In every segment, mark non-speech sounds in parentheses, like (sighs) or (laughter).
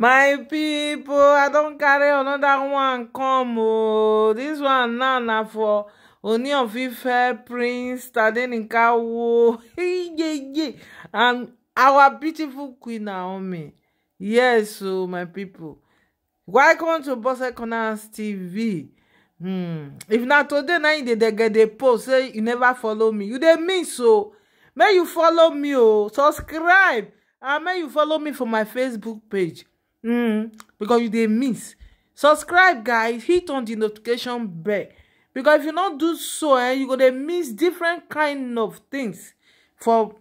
my people, i don't carry another one come ooo oh. dis one now na for oni of fair prince tadenika wo (laughs) yeye and our beautiful queen naomi yes o oh, my pipo welcome to bose corners tv hmm if not today now you did get the post say you never follow me you didn't mean so. May you follow me oh subscribe and may you follow me for my facebook page mm, because you dey miss subscribe guys hit on the notification bell because if you not do so eh you go dey miss different kind of things for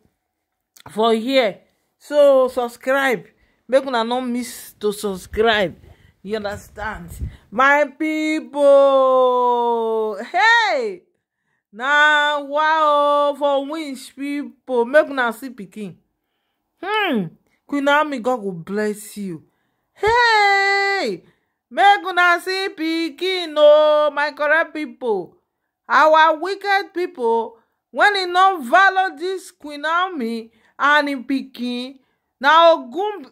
for here so subscribe make una no miss to subscribe you understand my people. hey na wow for winch people make una see pikin hmm queen army god go bless you hey make una see pikin o my correct pipo our wicked pipo wen e no value dis queen naomi and im pikin na ogun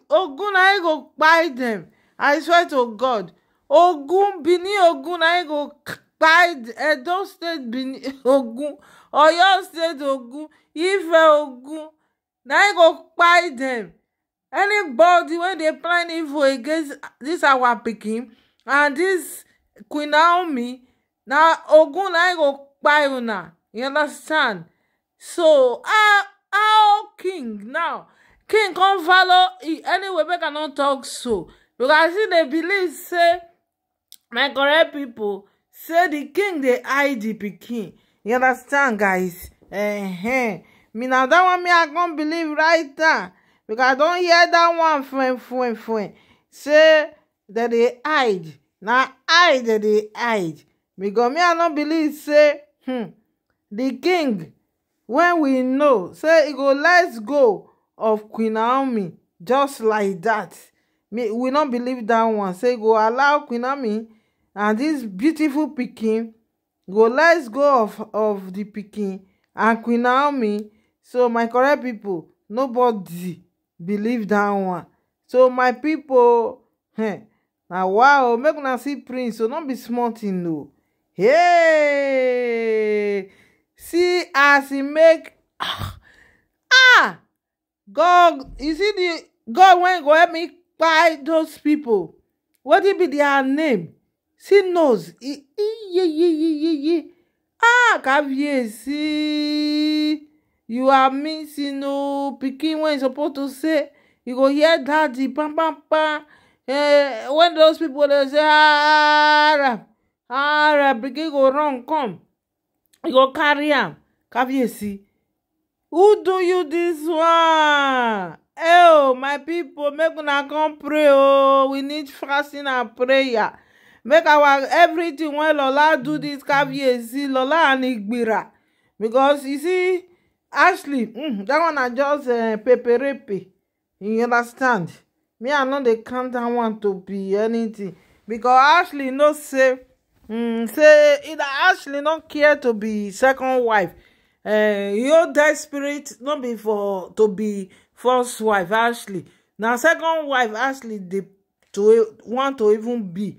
na e go kpai dem i swear to god ogun benin ogun na e go kpai edo state benin (laughs) ogun oyo state ogun ife ogun na e go kpai dem anybody wey dey plan evil against dis our pikin and dis queen naomi na ogun na im e go kpai una you understand so how how king now king come follow e, anyway make i no talk so because e dey believe say my correct pipo say di king dey hide di pikin you understand guys eh eh me na that one me i come believe right now because i don't hear that one friend friend friend say that they hide na hide that they hide because me i no believe say hmm, The king when we know say e go let's go of queen naomi just like that. Me, we no believe that one say go allow queen naomi and this beautiful picking go let's go of of the picking and queen naomi so my correct people, nobody believe that one so my people, (laughs) eh na wow make una see prince so don't be smarting tin hey see as he make (sighs) ah god you see the god wey go help me kpai those pipo wetin be their name see nose iye iye iye iye ah caviar see you are missing o pikin wey you suppose to say you go hear daddy pam pam pam eh, when those people dey say ara ara pikin go run come you go carry am kábíyèsí who do you this one eh oh my people make una come pray oh we need fasting and prayer make our everything wey lola do this kábíyèsí lola and igbira because you see ashley mm, dat one I just uh, eh, peperepe you understand me i no dey count dat one to be anything because ashley know say mm, say either ashley no care to be second wife uh, your dead spirit no be for to be first wife ashley now second wife ashley dey to e, want to even be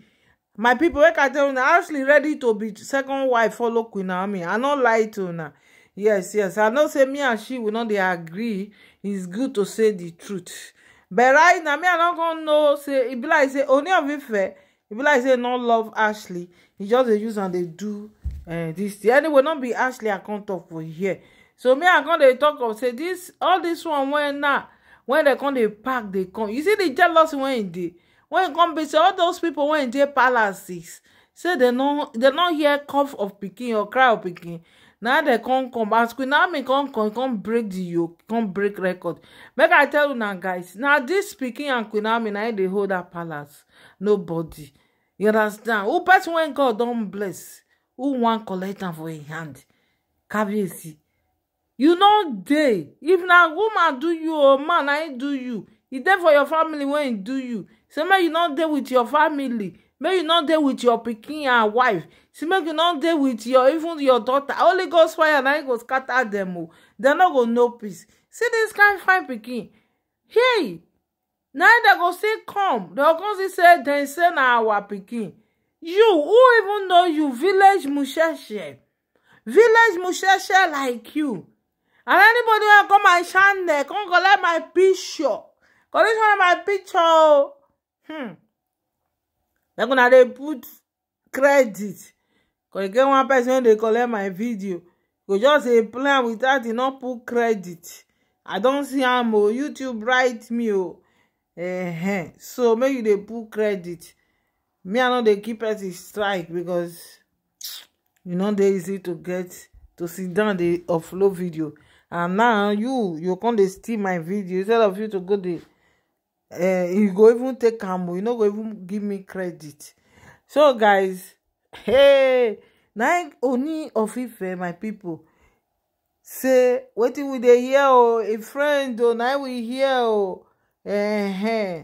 my people, wey can tell you ashley ready to be second wife follow queen naomi i no lie to now yes yes i know say me and she will not. They agree it's good to say the truth but right now me i not gonna know say e be like say only of Ife e be like say no love Ashley He just dey use and they do uh, this thing anyway not be Ashley i can't talk for here so me i come dey talk of say this all this one when now when they come they pack They come you see the jealousy wey e dey when e come be say all those people when they dey palaces say they no They no hear cough of picking or cry of picking. Now they come come as queen naomi come come come break the yoke come break record make i tell you now, guys Now this speaking and queen now, na im dey hold dat palace nobody you understand who person wey god Don't bless who want collect am for im hand kabiyesi you no dey if now woman do you or man I do you He there for your family When im do you say make you no there with your family make you not dey with your pikin and wife say make you not dey with your even your daughter holy ghost fire na go scatter dem o oh. dem no go know peace see dis kind fine pikin hey na dem go still come dem go come say dem say na our pikin you who even know you village musheshe village musheshe like you and anybody wey come my channel come collect my picture collect my picture o oh. hmm like una dey put credit cos e get one person wey dey collect my video go just dey play am without e no put credit i don see am o youtube write me o -huh. so make you dey put credit me i no dey keep person strike because e no dey easy to get to sit down dey upload video and now you you come dey steal my video instead of you to go dey Eh, you go even take am you no go even give me credit so guys hey na only of ife my pipo say wetin we dey hear o a friend o na we hear o eh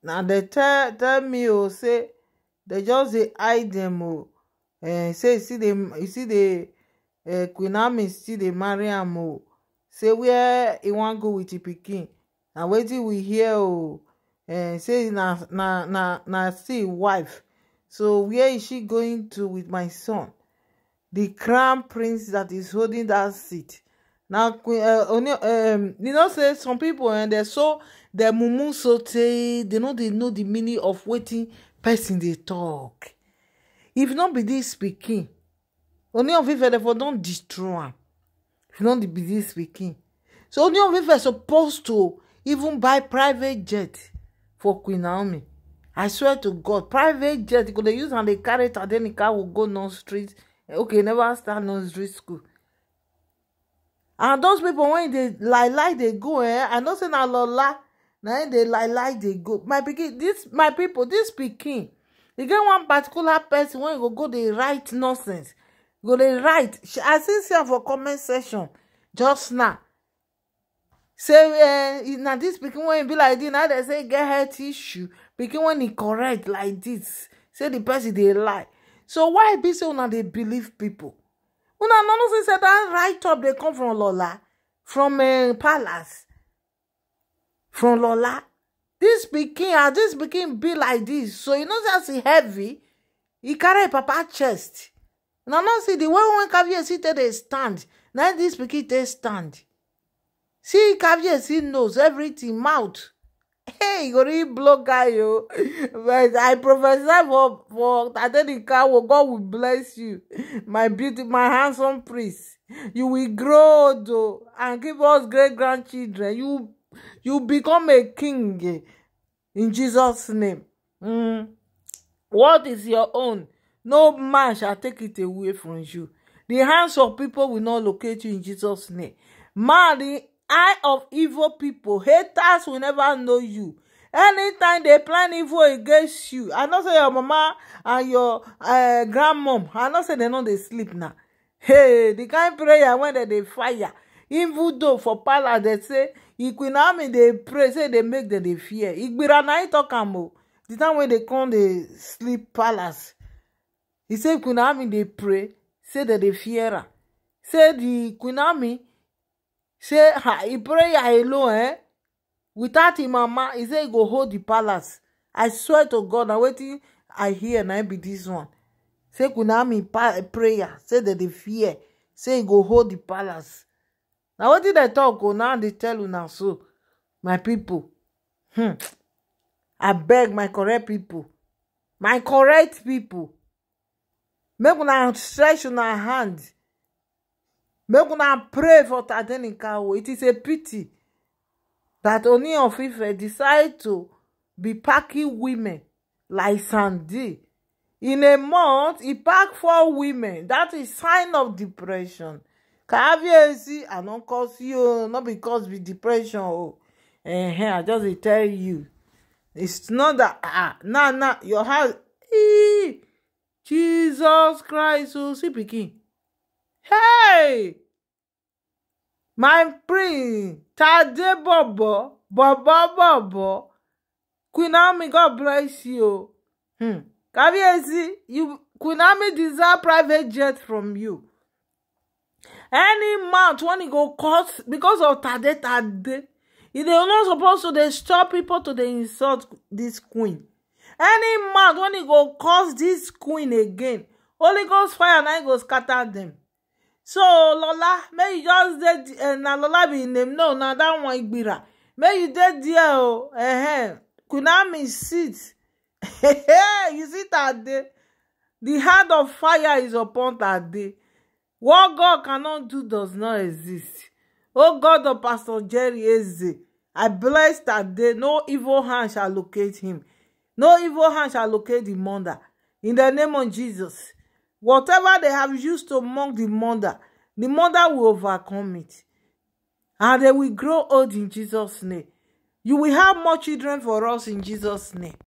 na dey tell tell me o say dey just dey hide dem o eh say you see dey eh, queen Amis still dey marry am o say where e wan go wit e pikin na wetin we hear o uh, say na na na na still wife so where is she going to with my son the crown prince that is holding that seat now queen uh, um, you know say some people and eh, they so their mumu so they know they know the meaning of waiting. person they talk if not be this pikin Ooni of for don't destroy if not be this speaking, so only of Ife supposed to even buy private jet for queen naomi i swear to god private jet go dey use am dey carry then tadenika will go non-street okay never start non-street school and those people wen e dey lie lie dey go eh i know say na lola na im dey lie lie dey go my pikin this my people. This pikin e get one particular person wey go go dey write nonsense go dey write i see see am for comment section just now say eh, na this pikin wey be like this. na dem say get health issue pikin when e correct like this. say the person dey lie so why be say una dey believe people. una no know say dat right up dey come from lola from eh, palace from lola This pikin as ah, this pikin be like this. so you know say as e heavy e carry papa chest na no see the way wey caviar sit take dey stand na this pikin take stand see Kabiyesi knows everything mouth hey you really blow yo but i prophesy for for Adenikawo God will bless you my beauty my handsome priest you will grow old o and give us great grandchildren you you become a king eh, in Jesus name mm. what is your own no man shall take it away from you the hands of people will not locate you in Jesus name man eye of evil people haters will never know you anytime they plan evil against you i know say your mama and your uh, grandmom i know say they no dey sleep na hey the kind prayer wey dem dey fire even though for palace dem say ikwinami dey pray say dey make dem dey fear igbira na im talk am o the time wey dey come dey sleep palace He say ikwinami dey pray say dem dey fear am say the ikwinami say e prayer alone, eh without him mama he say he go hold the palace i swear to god na waiting. i hear na be dis one say kunami prayer say that dey fear say he go hold the palace na wetin dem tok o oh, now they tell you now so my people. hmm I beg my correct people, my correct people. make una stretch on our hand make una pray for tadenikawo oh. it is a pity that oni of ife decide to be packing women like sandy in a month he pack four women that is sign of depression kábíyèsí àná kọ sí o no be cause be depression o oh. eh, i just dey tell you it's not that ah na na your heart. ee jesus christ o oh, see pikin hey! my prince tade bọ̀bọ̀ bọ̀bọ̀ bọ̀bọ̀ Queen Ami God bless you hmm. kábíyèsí you Queen Ami desire private jet from you any month when e go cut because of tade tade they are not supposed to dey stop pipo to dey insult this queen any month when e go cause this queen again holy ghost fire and I go scatter them so lola may you just dey there eh, na lola be im name no na dat one igbira May you dey there o oh. ehem kunami sit (laughs) you see tade the hand of fire is upon tade what god cannot do does not exist o oh god of pastor jerry eze i bless tade no evil hand shall locate him no evil hand shall locate the mother in the name of jesus Whatever they have used to mock the mother, the mother will overcome it. And they will grow old in Jesus' name. You will have more children for us in Jesus' name.